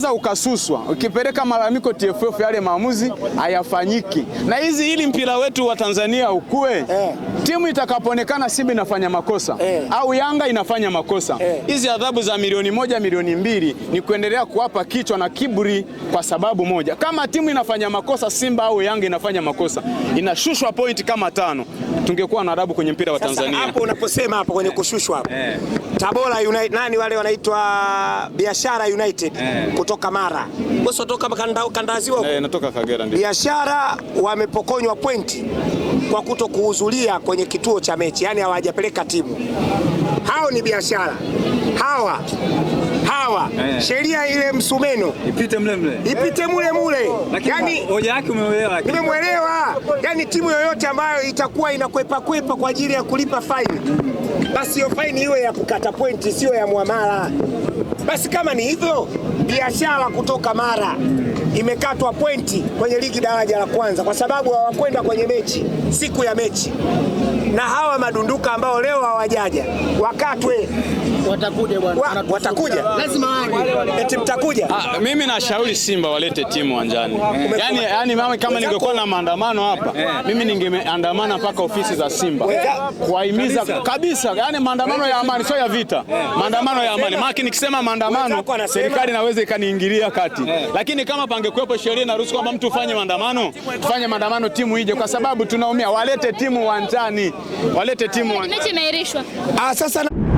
za ukasuswa ukipeleka malalamiko TFF, yale maamuzi hayafanyiki. Na hizi hili mpira wetu wa Tanzania ukue eh. Timu itakapoonekana Simba inafanya makosa eh. au Yanga inafanya makosa eh. hizi eh. adhabu za milioni moja milioni mbili ni kuendelea kuwapa kichwa na kiburi kwa sababu moja. Kama timu inafanya makosa Simba au Yanga inafanya makosa inashushwa pointi kama tano, tungekuwa na adhabu kwenye mpira wa Tanzania. Hapo unaposema hapo kwenye kushushwa hapo eh. Tabora United, nani wale wanaitwa Biashara United eh kutoka Mara. Wewe unatoka kanda, kandazi huko? Eh, natoka Kagera ndio. Biashara wamepokonywa pointi kwa kuto kuhudhuria kwenye kituo cha mechi, yaani hawajapeleka timu. Hao ni biashara hawa hawa yeah. Sheria ile msumeno ipite mle mle, ipite mule mule, yani hoja yake umeelewa, nimemwelewa yani timu yoyote ambayo itakuwa inakwepa kwepa kwa ajili ya kulipa faini, basi hiyo faini iwe ya kukata pointi, sio ya mwamala. Basi kama ni hivyo, biashara kutoka Mara imekatwa pointi kwenye ligi daraja la kwanza, kwa sababu hawakwenda kwenye mechi siku ya mechi na hawa madunduka ambao leo hawajaja wakatwe. Watakuja bwana, wa, watakuja lazima waje, eti mtakuja. Ah, mimi nashauri Simba walete timu uwanjani mm. Yani, yani mama, kama ningekuwa na maandamano hapa yeah. Mimi ningeandamana mpaka ofisi za Simba kuwahimiza kabisa, kabisa. Yani maandamano ya amani, sio ya vita yeah. Maandamano ya amani, maana nikisema maandamano serikali inaweza ikaniingilia kati yeah. Lakini kama pangekuwepo sheria inaruhusu kwamba mtu ufanye maandamano, tufanye maandamano, timu ije, kwa sababu tunaumia. Walete timu uwanjani walete timu. Mechi imeahirishwa. Ah, sasa na...